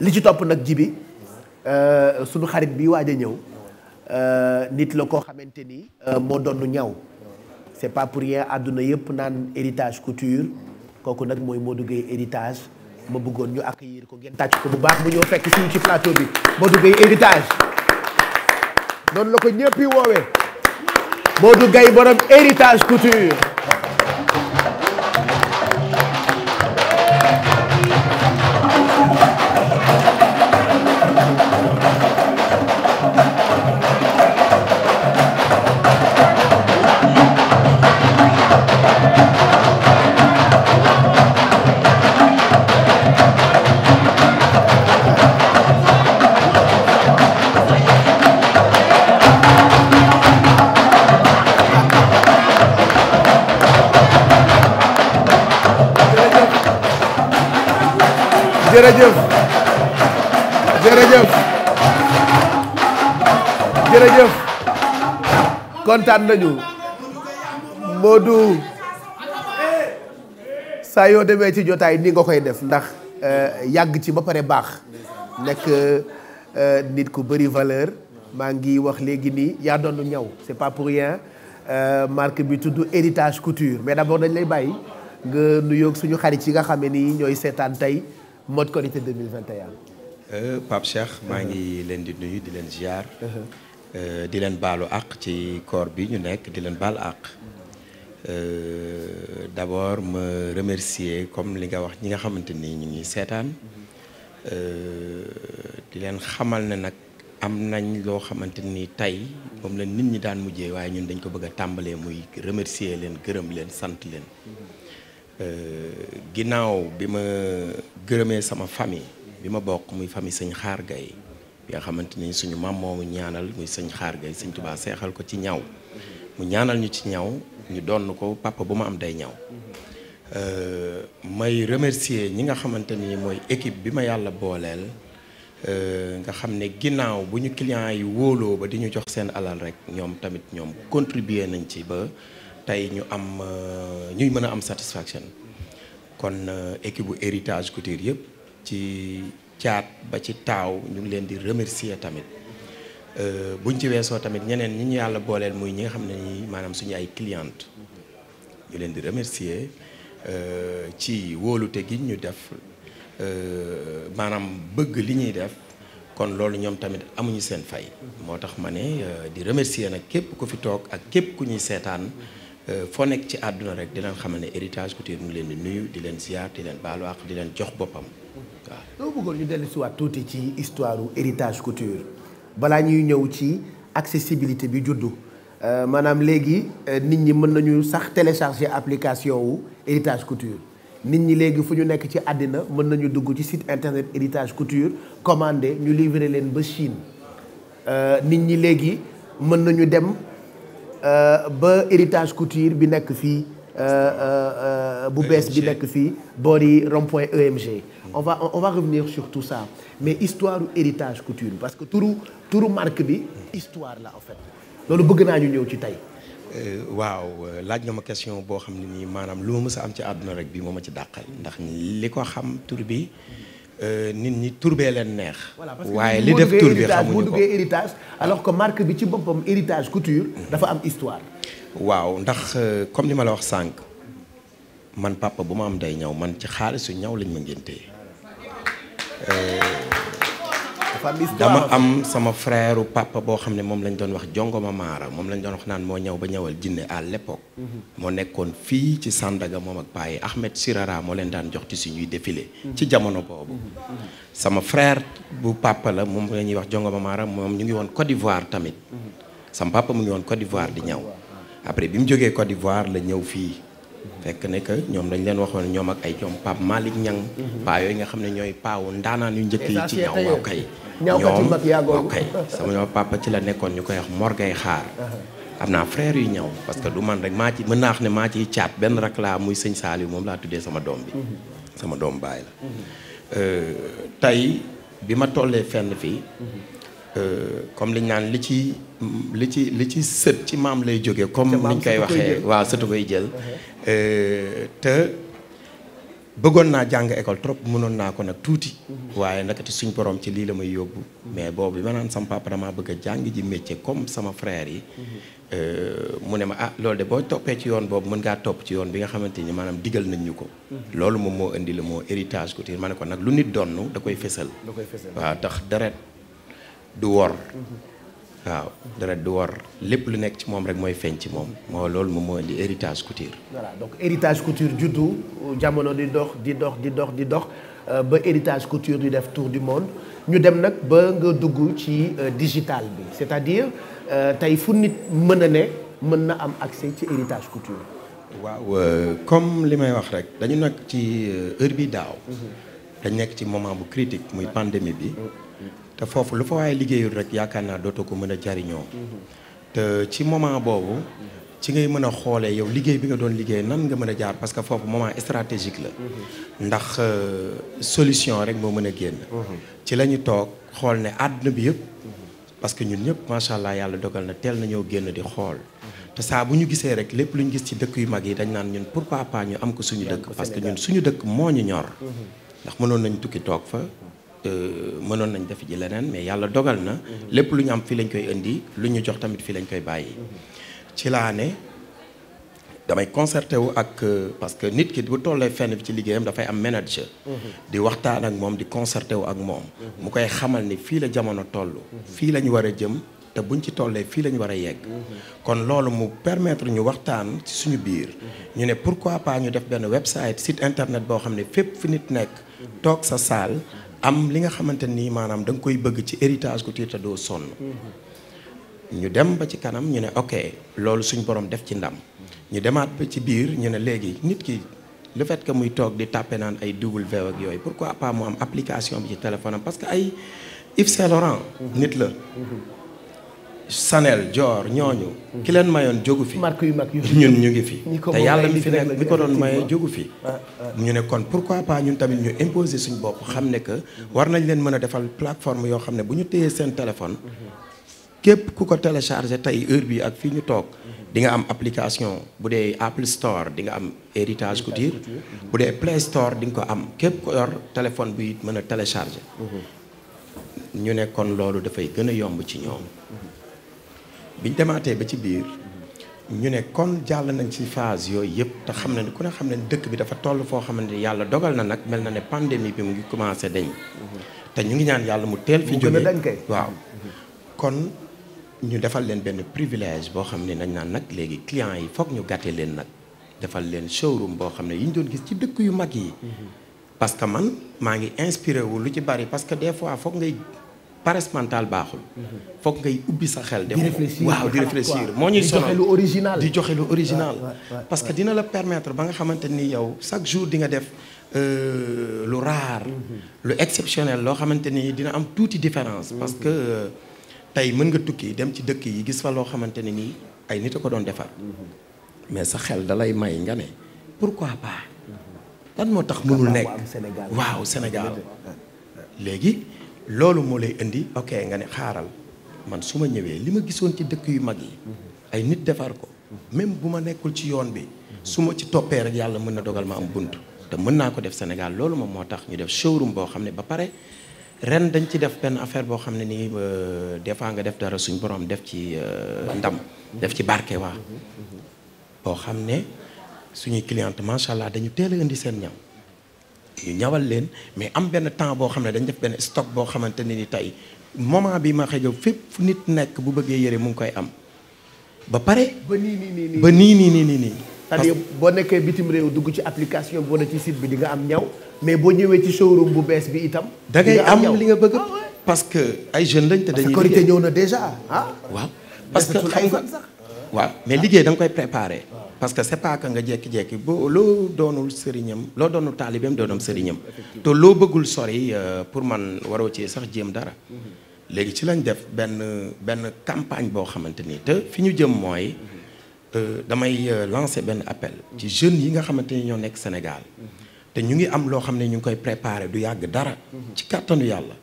li ci topp nag jibi euh, sunu xarit bi waaja ñëw euh, nit la koo xamante ni euh, moo doon ñaw c'est pas pour rien àdduna yëpp naan héritage couture kooku nag mooy moo duggee héritage ma bëggoon ñu accueillir ko ngeen tàcc ko bu baax bu ñëw fekk suñu ci plateau bi moo Gueye héritage noonu la ko ñëpp yi woowee Modou Gueye héritage couture jërëjëf jërëjëf jërëjëf kontaan nañu Modou saa yoo demee ci jotaay ni nga koy def ndax euh, yàgg ci ba pare baax nekk euh, nit ku bëri valeur maa ngi wax léegi nii yaa doon ñaw c'est pas pour rien euh, marque bi tudd héritage couture mais d'abord dañ lay bàyyi nga nuyoog suñu xarit yi nga xame nii ñooy seetaan tey. mode Korité 2021. Euh, Pape Cheikh maa ngi leen di nuyu di leen ziar. Euh, di leen baalu àq ci koor bi ñu nekk di leen baal àq. Euh, d'abord ma remercier comme li nga wax ñi nga xamante ni ñu ngi seetaan. di leen xamal ne nag am nañ loo xamante ni tey moom la nit ñi daan mujjee waaye ñun dañ ko bëgg a tàmbalee muy remercier leen gërëm leen sant leen. ginnaaw bi ma gërëmee sama famille bi ma bokk muy famille sëñ Xaar Gaye bi nga xamante ni suñu maam moomu ñaanal muy sëñ Xaar Gaye sëñ Tuubaa seexal ko ci ñaw mu ñaanal ñu ci ñaw ñu doon ko papa bu ma am day ñaw euh, may remercier ñi nga xamante ni mooy équipe bi ma yàlla booleel euh, nga xam ne ginnaaw bu ñu client yi wóoloo ba di ñu jox seen alal rek ñoom tamit ñoom contribuer nañ ci ba tey ñu am euh, ñuy mën a am satisfaction kon euh, équipe bu héritage couture yëpp ci caat ba ci taaw ñu leen di remercier tamit euh, buñ ci weesoo tamit ñeneen ñi ñu yàlla booleel muy ñi nga xam ne nii maanaam suñu ay cliente ñu leen di remercier euh, ci wóolute gi ñu def maanaam bëgg li ñuy def kon loolu ñoom tamit amuñu seen fay moo tax ma ne di remercier nag képp ku fi toog ak képp ku ñuy seetaan Euh, foo nekk ci àdduna rek di leen xamal ne héritage couture mu ngi leen di nuyu di leen ziar di leen baalu di leen jox boppam waaw. loo bëggoon ñu dellu si waat tuuti ci histoire héritage couture balaa ñuy ñëw ci accessibilité bi juddu euh, maanaam léegi euh, nit ñi mën nañu sax télécharger application wu héritage couture nit ñi léegi fu ñu nekk ci àddina mën nañu dugg ci site internet héritage couture commandé ñu livrer leen ba Chine nit ñi léegi mën nañu dem. Euh, ba héritage couture bi nekk fii euh, euh, bu bees bi e nekk fii boori rond point EMG on va on va revenir sur ça mais histoire héritage couture parce que tour turu marque bi histoire la en fait loolu bëgg naa ñu ñëw ci tey waaw laaj nga ma question boo xam ne nii maanaam lu ma mës a am ci àdduna rek bi moom ma ci dàqal ndax li ko xam tour bi Euh, nit ñi tourbé leen neex. waaye li def tur boo duggee héritage alors que marque bi ci boppam héritage couture. dafa am histoire. waaw ndax euh, comme ni ma la wax sànq man papa bu ma am day ñaw man ci xaalisu ñaw lañ ma ngéntee euh, dama am sama frère papa boo xam ne moom lañ doon wax jongoma maara moom lañ doon wax naan moo ñëw ba ñëwal jinne à l'époque mhm. moo nekkoon fii ci Sandaga moom ak Paye Ahmed Sirara moo leen daan jox ci suñuy défilé mhm. ci jamono boobu mhm. sama frère bu papa la moom la ñuy wax jongoma maara moom ñu ngi woon Côte d'Ivoire tamit sama papa mu ngi woon Côte d'Ivoire di ñëw ah. après bi mu jógee Côte d'Ivoire la ñëw fii fekk ne que ñoom dañ leen waxoon ñoom ak ay ñoom Pape Malick Niang mhm. paa yooyu nga xam ne ñooy paawu ndaanaan yu njëkk yi ci ñaw waaw kay sama ñoom ci la nekkoon ñu koy wax morgay xaar uh-huh. am naa frère yu ñaw parce que du man rek maa ci mën naa wax ne maa ciy caat benn rak laa muy sëñ saali moom laa tuddee sama doom bi uh-huh. sama doom baay la uh-huh. euh, tey bi ma tollee fenn fii euh, comme liñ naan li ci li ci li ci sët ci maam lay jóge comme niñ koy waxee waa sëtu koy jël Euh, te bëggoon naa jàng école trop mënoon naa ko nag tuuti. Mhm. waaye nag te suñ borom ci lii la may yóbbu. mais boobu bi ma naan sama papa damaa bëgg a jàng ji métier comme sama frère yi. Mhm. Euh, mu ne ma ah loolu de boo toppee ci yoon boobu mën ngaa topp ci yoon bi nga xamante ni maanaam digal nañ ñu ko. Mhm. loolu moom moo indi la moo héritage couture ma ne ko nag lu nit donn da koy fésal. da koy fésal waaw tax deret du wor. waaw deret du war lépp lu nekk ci moom rek mooy feeñ ci moom moo loolu moom moo indi héritage couture. voilà donc héritage couture du jamono di dox di dox di dox di dox euh, ba héritage couture di def tour du monde ñu dem nag ba nga dugg ci euh, digital bi c'est-à-dire euh, tey fu nit mën a ne mën na am accès ci héritage couture. waaw comme li may wax rek dañu nekk ci heure bi daaw. Mhm. dañ nekk ci moment bu critique muy pandémie bi. Mm. te foofu lu fa waaye liggéeyul rek yaakaar naa dootoo ko mën a jariñoo te ci moment boobu ci ngay mën a xoolee yow liggéey bi nga doon liggéey nan nga mën a jaar parce que foofu moment stratégique la ndax euh, solution rek moo mën a génn ci la ñu toog xool ne àdduna bi yëpp parce que ñun ñëpp macha allah yàlla dogal na teel na nañoo génn di xool te saa bu ñu gisee rek lépp lu ñu gis ci dëkk yu mag yi dañ naan ñun pourquoi pas ñu am ko suñu dëkk parce que suñu dëkk moo ñu ñor ndax Euh, mënoon nañ def ji leneen mais yàlla dogal na mhm. lépp lu ñu am fii lañ koy indi lu ñu jox tamit fii lañ koy bàyyi mhm. ci laa ne damay concerté wu ak euh, parce que nit ki bu tollee fenn bi ci liggéeyam dafay am manager mhm. di waxtaan ak moom di concerté wu ak moom mu koy xamal ni fii la jamono toll fii la ñu war a jëm te buñ ci tollee fii la ñu war a yegg kon loolu mu permettre ñu waxtaan ci suñu biir ñu ne pourquoi pas ñu def benn website site internet boo xam ne fépp fi nit nekk toog sa salle am li nga xamante ni maanaam danga koy bëgg ci héritage couture te doo sonn. ñu dem ba ci kanam ñu ne ok loolu suñ borom def ci ndam. ñu demaat ba ci biir ñu ne léegi nit ki le fait que muy toog di tàppe naan ay double V ak yooyu pour quoi pas mu am application bi ci téléphone am parce que ay Yves Saint Laurent. nit la. Sanel Dior ñooñu. ki leen mayoon jógu fi. marque yu mag yu ñun ñu ngi fi. te yàlla mi fi nekk mi ko doon maye jógu fi. Ah, ah. ñu ne kon pourquoi pas ñun tamit ñu imposer suñu bopp xam ne que war nañ leen mën a defal plateforme yoo xam ne bu ñu tëyee seen téléphone. képp ku ko téléchargé tey heure bi ak fii ñu toog. di nga am application bu dee Apple Store di nga am Héritage Couture bu dee Play Store di nga ko am képp ko yor téléphone bi mën a télécharger mhm. ñu ne kon loolu dafay gën a yomb ci ñoom biñ demaatee ba ci biir ñu ne kon jàll nañ ci phase yooyu yëpp te xam na ne ku ne xam ne dëkk bi dafa toll foo xamante ne yàlla dogal na nag mel na ne pandémie bi mu ngi commencé dañ te ñu ngi ñaan yàlla mu teel fi jóge waaw kon ñu defal leen benn privilège boo xam ne nañ naan nag léegi clients yi foog ñu gàtte leen nag defal leen showroom boo xam ne yi ñu doon gis ci dëkk yu mag yi mm-hmm. parce que man maa ngi inspiré wu lu ci bari parce que des fois foog ngay paresse mentale baaxul. foog ngay ubbi sa xel. di réfléchir waaw di réfléchir moo ñuy sonal di joxe lu original. parce que dina la permettre ba nga xamante ni yow chaque jour di nga def euh, lu rare. Mm-hmm. lu exceptionnel loo xamante ni dina am tuuti différence. Mm-hmm. parce que euh, tey mën nga tukki dem ci dëkk yi gis fa loo xamante ne nii ay nit a ko doon defar. Mm-hmm. mais sa xel da lay may nga ne pourquoi pas. lan moo tax mënul nekk waaw Sénégal léegi. loolu moo lay indi ok nga ne xaaral man su ma ñëwee li ma gisoon ci dëkk yu mag yi ay nit defar ko même bu ma nekkul ci yoon bi su ma ci toppee rek yàlla mën na dogal ma am bunt te mën naa ko def Sénégal loolu moom moo tax ñu def showroom boo xam ne ba pare ren dañ ci def benn affaire boo xam ne nii euh, des fois nga def dara suñ borom def ci euh, ndam def ci barke waa boo xam ne suñuy cliente macha allah dañu teel indi seen ñam ñu ñawal leen mais am benn temps boo xam ne dañ def benn stock boo xamante ne ni tey moment bi ma xëjoo fépp fu nit nekk bu bëggee yëre mu ngi koy am ba pare. ba nii nii nii nii nii nii nii. c'est-à-dire boo nekkee bitim réew dugg ci application boo ne ci site bi di nga am ñaw mais boo ñëwee ci showroom bu bees bi itam. da ngay am li nga bëgg ah parce que ay jeunes lañ te dañuy. parce que Korité ñëw na déjà ah. waaw parce que xam nga waaw mais liggéey danga koy préparer. parce que c'est pas que nga jekki-jekki bo loo doonul sëriñam loo doonul taalibeem doonam sëriñam te loo bëggul sori euh, pour man waroo ci sax jéem dara mm-hmm. léegi ci lañ def benn benn campagne boo xamante ni te fi ñu jëm mooy mm-hmm. euh, damay euh, lancer benn appel ci jeunes yi nga xamante ni ñoo nekk Sénégal mm-hmm. te ñu ngi am loo xam ne ñu ngi koy préparer du yàgg dara ci kàttanu yàlla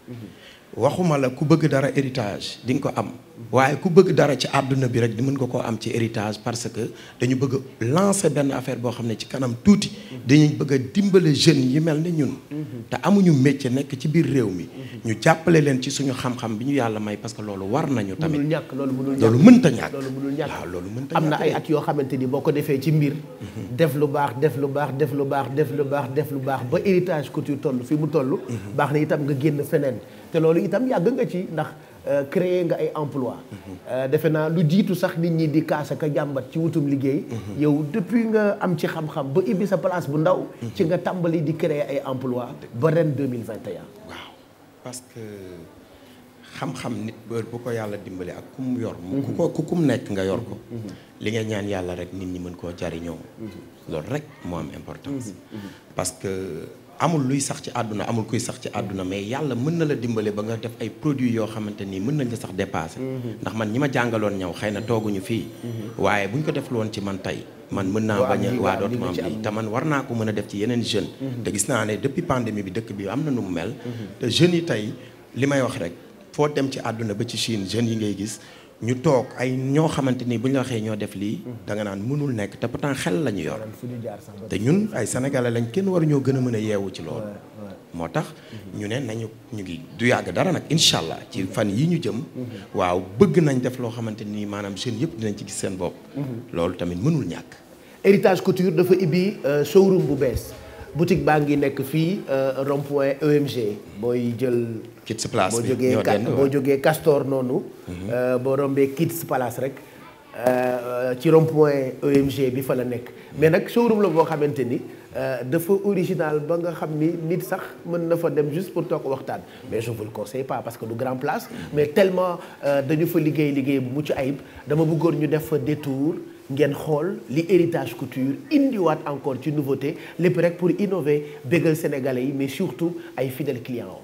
waxuma la ku bëgg dara héritage di nga ko am waaye ku bëgg dara ci àdduna bi rek di mën nga koo am ci héritage parce que dañu bëgg a lancer benn affaire boo xam ne ci kanam tuuti dañu bëgg a dimbale jeunes yi mel ne ñun te amuñu métier nekk ci biir réew mi ñu jàppale leen ci suñu xam-xam bi ñu yàlla may parce que loolu war nañu tamit ñàkk loolu mënta ñàkk loolu mënul ñàkk waaw loolu mënta am na ay at yoo xamante ni boo ko defee ci mbir mhm. def lu baax def lu baax def lu baax def lu baax def lu baax ba héritage couture toll fi mu toll mhm. baax na itam génn feneen te loolu itam yàgg nga ci ndax euh, créer nga ay emploi euh, defe naa lu jiitu sax nit ñi di kaas ak jàmbat ci wutum liggéey yow depuis nga am ci xam-xam ba ibbi sa place bu ndaw ci nga tàmbali di créer ay emploi ba ren 2021 waaw parce que xam-xam nit bu ko yàlla dimbali ak ku mu nekk nga yor ko li nga ñaan nit ñi mën koo jariñoo mhm. loolu amul luy sax ci àdduna amul kuy sax ci àdduna mais yàlla mën na la dimbale ba nga def ay produits yoo xamante ni mën nañ la sax dépassé. Mm-hmm. ndax man ñi ma jàngaloon ñaw xay na tooguñu fii. Mm-hmm. waaye buñ ko deful woon ci man tey. man mën naa bañ a waa doot maam bi te man war naa ko mën a def ci yeneen jeune mm-hmm. te gis naa ne depuis pandémie bi dëkk bi am na nu mu mel. te jeunes yi tey li may wax rek foo dem ci àdduna ba ci Chine jeunes yi ngay gis. ñu toog ay ñoo xamante ni bu ñu la waxee ñoo def lii. Mm-hmm. da nga naan mënul nekk te pourtant xel la ñu yor. te ñun ay sénégalais lañ kenn war ñoo gën a mën a yeewu ci loolu. moo tax mm-hmm. ñu ne nañu ñu ngi du yàgg dara nag incha allah ci fan yi ñu jëm. Mm-hmm. waaw bëgg nañ def loo xamante nii maanaam jeunes yëpp dinañ ci gis seen bopp. loolu tamit mënul ñàkk. héritage couture dafa ibbi euh, showroom bu bees. boutique baa ngi nekk fii euh, rond point EMG booy jël. Kids Place boo jógee boo jógee Castor noonu. Mhm. Euh, boo rombee Kids Place rek. Euh, ci rond point EMG bi fa la nekk mais nag showroom la boo xamante ni dafa original ba nga xam ni nit sax mën na fa dem juste pour toog waxtaan mais je vous le conseille pas parce que du grand place mhm. mais tellement dañu fa liggéey liggéey bu mucc ayib dama buggoon ñu def fa détour ngeen xool li héritage couture indiwaat encore ci nouveauté lépp rek pour innover bégal sénégalais yi mais surtout ay fidèles clients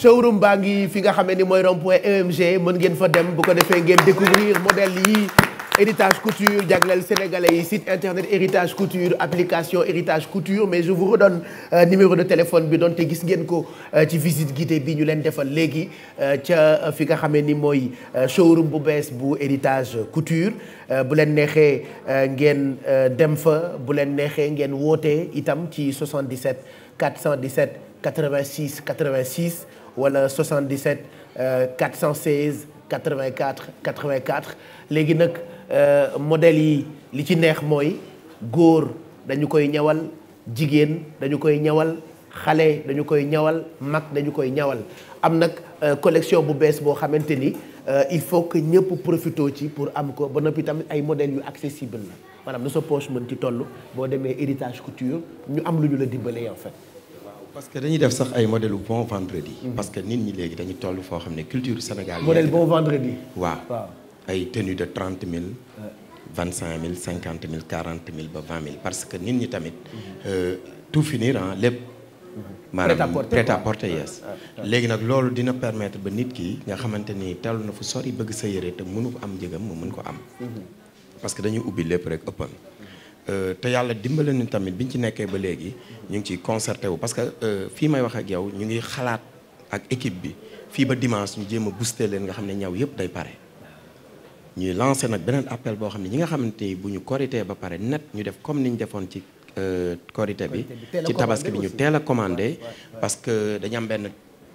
showroom baa ngi fi nga xamee ni mooy rond-point EMG mën ngeen fa dem bu ko defee ngeen découvrir modèle yi héritage couture jagleel sénégalais yi site internet héritage couture application héritage couture mais je vous redonne euh, numéro de téléphone bi donte gis ngeen ko euh, ci visite guidée bi ñu leen defal léegi euh, ca fi nga xamee ni mooy showroom bu bees bu héritage couture bu leen neexee ngeen dem fa bu leen neexee ngeen wootee itam ci 77 417 86 86 wala 77 416 84 84 léegi nag euh, modèle yi li ci neex mooy góor dañu koy ñawal jigéen dañu koy ñawal xale dañu koy ñawal mag dañu koy ñawal am nag euh, collection bu bees boo xamante ni euh, il faut que ñëpp profité ci pour am ko ba noppi tamit ay modèles yu accessible la maanaam na sa poche mën ci toll boo demee héritage couture ñu am lu ñu la dimbalee en fait parce que dañuy def sax ay modèle bon vendredi. Mhm. parce que nit ñi léegi dañu toll foo xam ne culture Sénégal. modèle bon vendredi. waa ay tenue de trente mille. vingt cinq mille cinquante mille quarante mille ba vingt mille parce que nit ñi tamit. Mhm. Euh, tout finir ah lépp. Mhm. maanaam prêt à porter yes léegi nag loolu dina permettre ba nit ki nga xamante ni tellu na fu sori bëgg sa yére te mënu am njëgam mu mun ko am. parce que dañuy ubbi lépp rek ëppam. Euh, te yàlla dimbale nañu tamit biñ ci nekkee ba léegi ñu ngi ciy concerté wu parce que euh, fii may wax ak yow ñu ngi xalaat ak équipe bi fii ba dimanche ñu jéem a booster leen nga xam ne ñaw yëpp day pare. ñuy lancé nag beneen appel boo xam ne ñi nga xamante ni bu ñu korité ba pare net ñu def comme ni ñu defoon ci euh, korité bi ci tabaski bi ñu teel a commandé parce que dañu am benn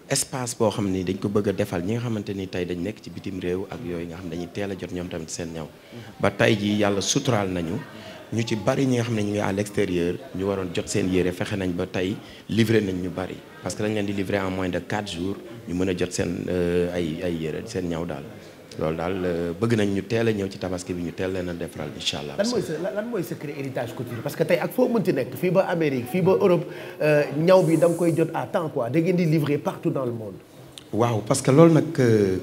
espace boo xam ni dañ ko bëgg a defal ñi nga xamante ni tey dañ nekk ci bitim réew ak yooyu nga xam dañuy teel a jot ñoom tamit seen ñaw mm-hmm. ba ñu ci bari ñi nga xam ne ñu ngi à l'extérieur ñu waroon jot seen yére fexe nañ ba tey livré nañ ñu bari parce que dañ leen di livré en de 4 jours ñu mën a jot seen euh, ay ay yére seen ñaw daal loolu daal euh, bëgg nañ ñu teel a ñëw ci tabaski bi ñu teel leen incha allah. lan mooy sa lan mooy que tey ak foo mënti nekk fii ba Amérique ba Europe euh, ñaw bi da koy jot à temps quoi da di livrer partout dans le monde. waaw parce que loolu nag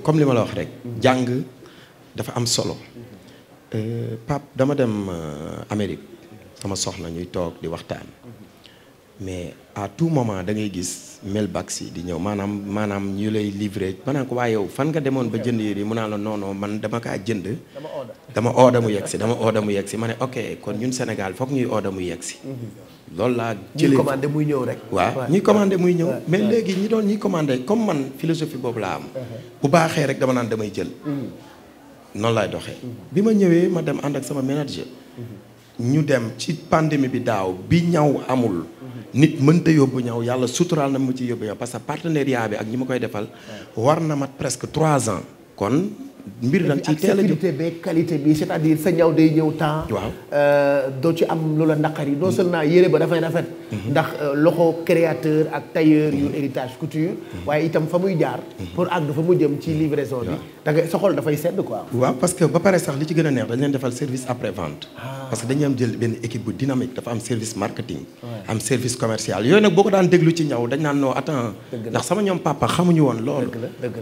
comme li ma la wax rek. jàng dafa am solo. Euh, Pape dama dem euh, Amérique sama soxna ñuy toog di waxtaan mais à tout moment da ngay gis mailbox yi di ñëw maanaam maanaam ñu lay livré naa ko waaye yow fan nga demoon ba jënd yére yi mu naa la non non man dama kaa jënd dama ooda mu yegg si dama ooda mu yegg si ma ok kon ñun senegal foog ñuy ooda mu yegg si mm-hmm. loolu laa jëlee ñuy ñëw rek waaw ñuy commandé muy ñëw mais léegi ñi doon ñuy commandé comme man philosophie boobu laa am uh-huh. bu baaxee rek dama naan damay jël mm-hmm. noonu laay doxee. bi ma ñëwee ma dem ànd ak sama manager. ñu dem ci pandémie bi daaw bi ñaw amul. nit mën mënta yóbbu ñaw yàlla suturaal na mu ci yóbbu ñaw parce que partenariat bi ak ñi ma koy defal. war na mat presque trois ans kon. mbir da nga ciy teel a jóg sécurité beeg qualité bi c'est-à-dire sa ñaw day ñëw temps. Euh, doo ci am loola ba dafay rafet. Mhm. ndax euh, loxo créateur ak tailleur yu mhm. héritage couture. Mhm. waaye itam fa muy jaar. pour àgg fa mu jëm ci livraison bi. da ngay sa xol dafay sedd quoi. ba pare sax li ci gën neex dañ leen defal service après vente. Ah. parce que dañuy dafa am service marketing. am service commercial yooyu nag boo ko daan déglu ci ñaw dañ naan noo attends. ndax sama ñoom papa xamuñu woon loolu.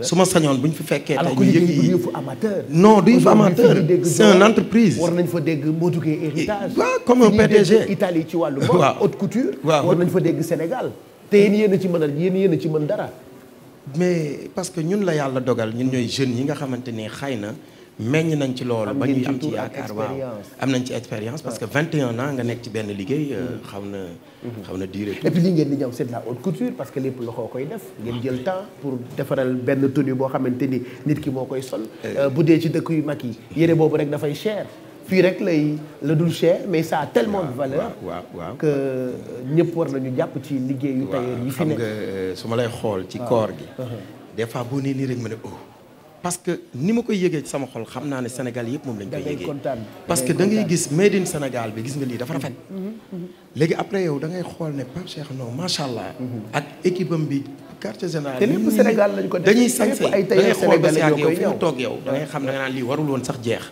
su ma sañoon bu ñu fi fekkee tey ñu yëngi amateur. non du yëfu amateur c'est une entreprise. war nañ fa dégg boo tukkee héritage. waaw comme un PDG Italie ci wàllu. waaw haute couture. waaw war nañ fa dégg Sénégal. te yéen yéen a ci mën a yéen yéen a ci mën dara. mais parce que ñun la yàlla dogal ñun ñooy jeunes yi nga xamante ne xay na. meññ nañ ci loolu ba ñuy am ci yaakaar waaw am nañ ci expérience parce que vingt 21 naa nga nekk ci benn liggéey euh, mm-hmm. xaw na mm-hmm. xaw na durée et puis ngeen di ñëw c'est de la haute couture parce que lépp loxoo koy def ngeen jël temps pour defaral benn tenue boo xamante ni nit ki boo koy sol euh. Euh, bu dee ci dëkk yu mag yi yére boobu rek dafay cher fii rek lay la dul cher mais ça a tellement de valeur que ñëpp war nañu jàpp ci liggéeyu tailleur yi fi nekk su ma lay xool ci koor gi uh-huh. des fois boo rek ma ne oh parce que ni ma koy yëgee ci sama xol xam naa ne Sénégal yëpp moom lañ koy yëgee parce que da ngay gis made in Sénégal bi gis nga lii dafa rafet mm-hmm. Mm-hmm. Mm-hmm. léegi après yow da ngay xool ne Pape Cheikh non allah. ak équipe bi quartier général Sénégal lañ ko def dañuy sañse da ngay xool ba si ak yow fi mu toog yow da ngay xam ne nga naan lii warul woon sax jeex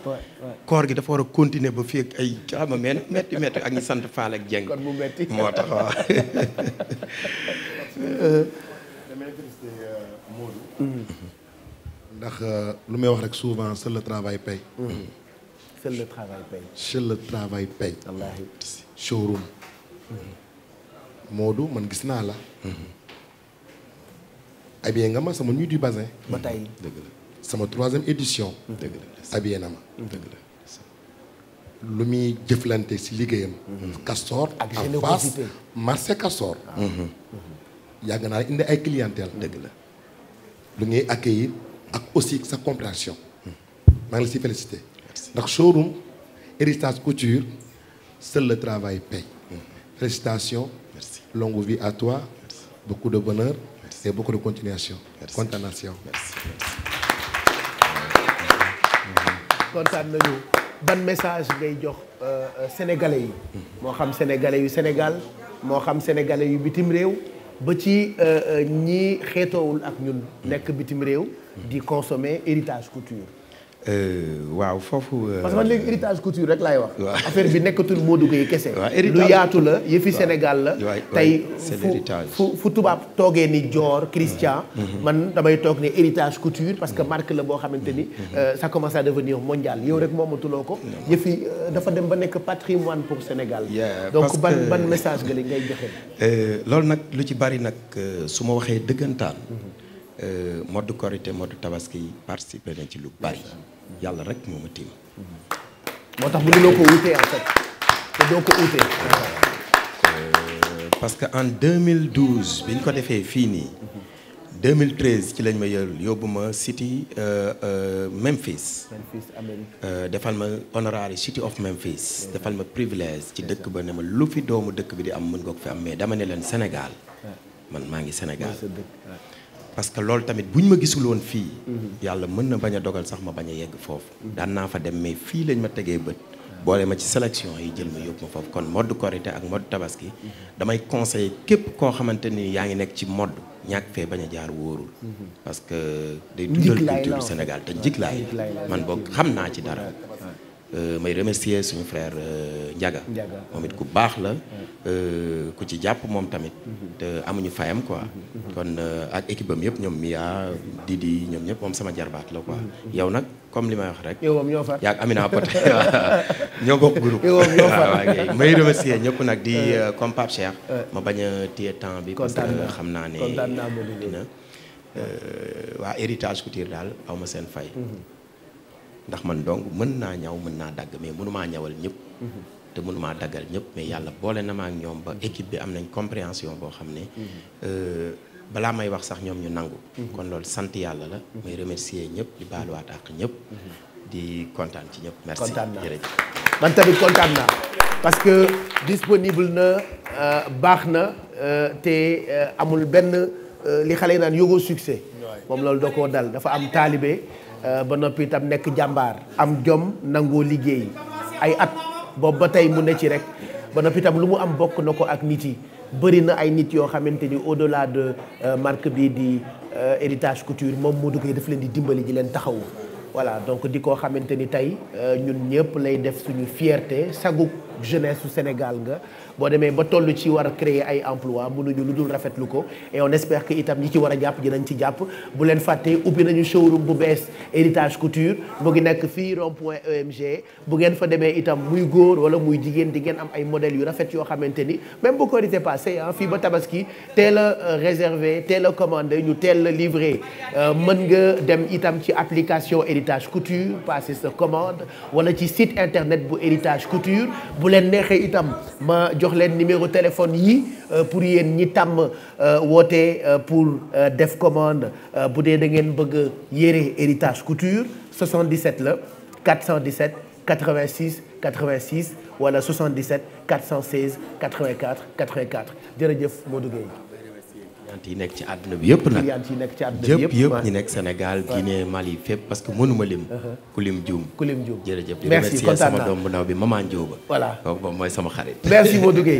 koor gi dafa war a continuer ba fii ak ay xama meen ak ñi sant Fall ak mu métti moo tax waaw ndax euh, lu may wax rek souvent seul le travail paye. Mm-hmm. seul le travail paye. seul le mm-hmm. man gis naa la. Mm-hmm. habillé nga ma sama nuit du bazin. sama troisième édition. dëgg lu muy jëflante si liggéeyam. Castor ak en face marché Castor. Ah. yàgg naa indi ay clientèle. dëgg la lu ñuy accueillir. ak aussi sa compréhension maa ngi la si félicité ndax showroom héritage culture seul le travail paye félicitations longue vie à toi merci. de bonheur merci. et de continuation continuation kontaan nañu ban message ngay jox euh, euh, sénégalais yi moo xam sénégalais yu Sénégal moo xam sénégalais yu bitim réew ba ci euh, ñi xeetoowul ak ñun nekk bitim réew di consommer héritage couture. Euh, waaw foofu. Euh, parce que man léegi héritage couture rek laay wax. affaire bi nekkatul Modou Gueye kese. lu yaatu la yëfi Sénégal la. tey fu fu tubaab toogee ni Dior Christian. Mm-hmm. Mm-hmm. man damay toog ni héritage couture parce que mm-hmm. marque la boo xamante ni. sa euh, commence à devenir mondial yow rek moomatuloo ko. yëfi dafa dem ba nekk patrimoine pour Sénégal. donc ban ban message nga li ngay joxe. loolu nag lu ci bari nag su ma waxee dëggantaan. Euh, mode korité mode tabaski yi participé nañ ci lu bari yàlla rek moo ma tiim. moo tax mënuloo ko wutee en fait te doo ko wutee. Euh, parce que en 2012 bi ñu ko defee fii nii 2013 ci lañ ma yërul yóbbu ma city euh, Memphis. Memphis Amérique. defal ma honorary city of Memphis. defal ma privilège ci dëkk ba ne ma lu fi doomu dëkk bi di am mën nga ko fi am mais dama ne leen Sénégal man maa ngi Sénégal. parce que loolu tamit ñu ma gisul woon fii. Mhm. yàlla mën na bañ a dogal sax ma bañ a yegg foofu. daan naa fa dem mais fii lañ ma tegee bët. boole ma ci sélection yi jël ma yóbbu ma foofu kon mode korité ak mode tabaski. Mhm. damay conseiller képp koo xamante ni yaa ngi nekk ci mode ñàkk fee bañ a jaar wóorul. Mhm. parce que day dundal culture Sénégal te njiglaay man boog xam naa ci dara. Euh, may remercier suñu frère euh, Ndiaga moom it ku baax la euh, ku ci jàpp moom tamit mhm. te amuñu fayam quoi mhm. Mhm. kon ak équipe yëpp ñoom Mia Didi ñoom ñëpp moom sama jarbaat la quoi yow nag comme li may wax rek yaa ak Amina Poté ñoo bokk groupe may remercier ñëpp nag di comme Pape ma bañ a téye temps bi parce xam naa ne dina waa héritage couture daal aw ma seen fay ndax man donc mën naa ñaw mën naa dagg mais mënumaa ñawal ñëpp mm-hmm. te mënumaa daggal ñëpp mais yàlla boole na ma ak ñoom ba équipe bi am nañ compréhension boo xam ne mm-hmm. euh, balaa may wax sax ñoom ñu nangu mm-hmm. kon lool sant yàlla la may remercier ñëpp di baaluwaat ak ñëpp di kontaan ci ñëpp merci jërëjëf man tamit kontaan naa parce que disponible na euh, baax na euh, te amul benn li xale yi naan yógoo succès moom loolu da koo dal dafa am taalibe Euh, ba noppi itam nekk jàmbaar am jom nangoo liggéey ay at boobu ba tey mu ne ci rek ba noppi itam lu mu am bokk na ko ak nit yi bëri na ay nit yoo xamante ni au delà de euh, marque bii di euh, héritage couture moom moo duggee daf leen di dimbali ji leen taxawu. voilà donc di koo xamante ni tey ñun ñëpp lay def suñu fierte sagug jeunesse su Sénégal nga. boo demee ba toll ci war a créer ay emploi mënuñu lu dul rafetlu ko et on espère que itam ñi ci war a jàpp dinañ ci jàpp bu leen fàtte ubbi nañu showroom bu bees héritage couture mu ngi nekk fii rond point EMG bu ngeen fa demee itam muy góor wala muy jigéen di ngeen am ay modèles yu rafet yoo xamante ni même bu korité passé ah fii ba tabaski teel a euh, réservé teel a commandé ñu teel la livré euh, mën nga dem itam ci application héritage couture passé sa commande wala ci site internet bu héritage couture leen itam jox leen numéro téléphone yi euh, pour yéen ñi tàmm euh, woote euh, pour def commande bu dee da ngeen bëgg yére héritage couture 77 la 417 86 86 wala 77 416 84 84 jërëjëf Modou client yi nekk ci àdduna bi yëpp nag client yëpp ñi nekk Sénégal Guinée Mali fépp parce que mënuma lim ku lim juum ku sama doom bu ndaw bi maman Ndioba voilà kooku moom mooy sama xarit merci Modou Gueye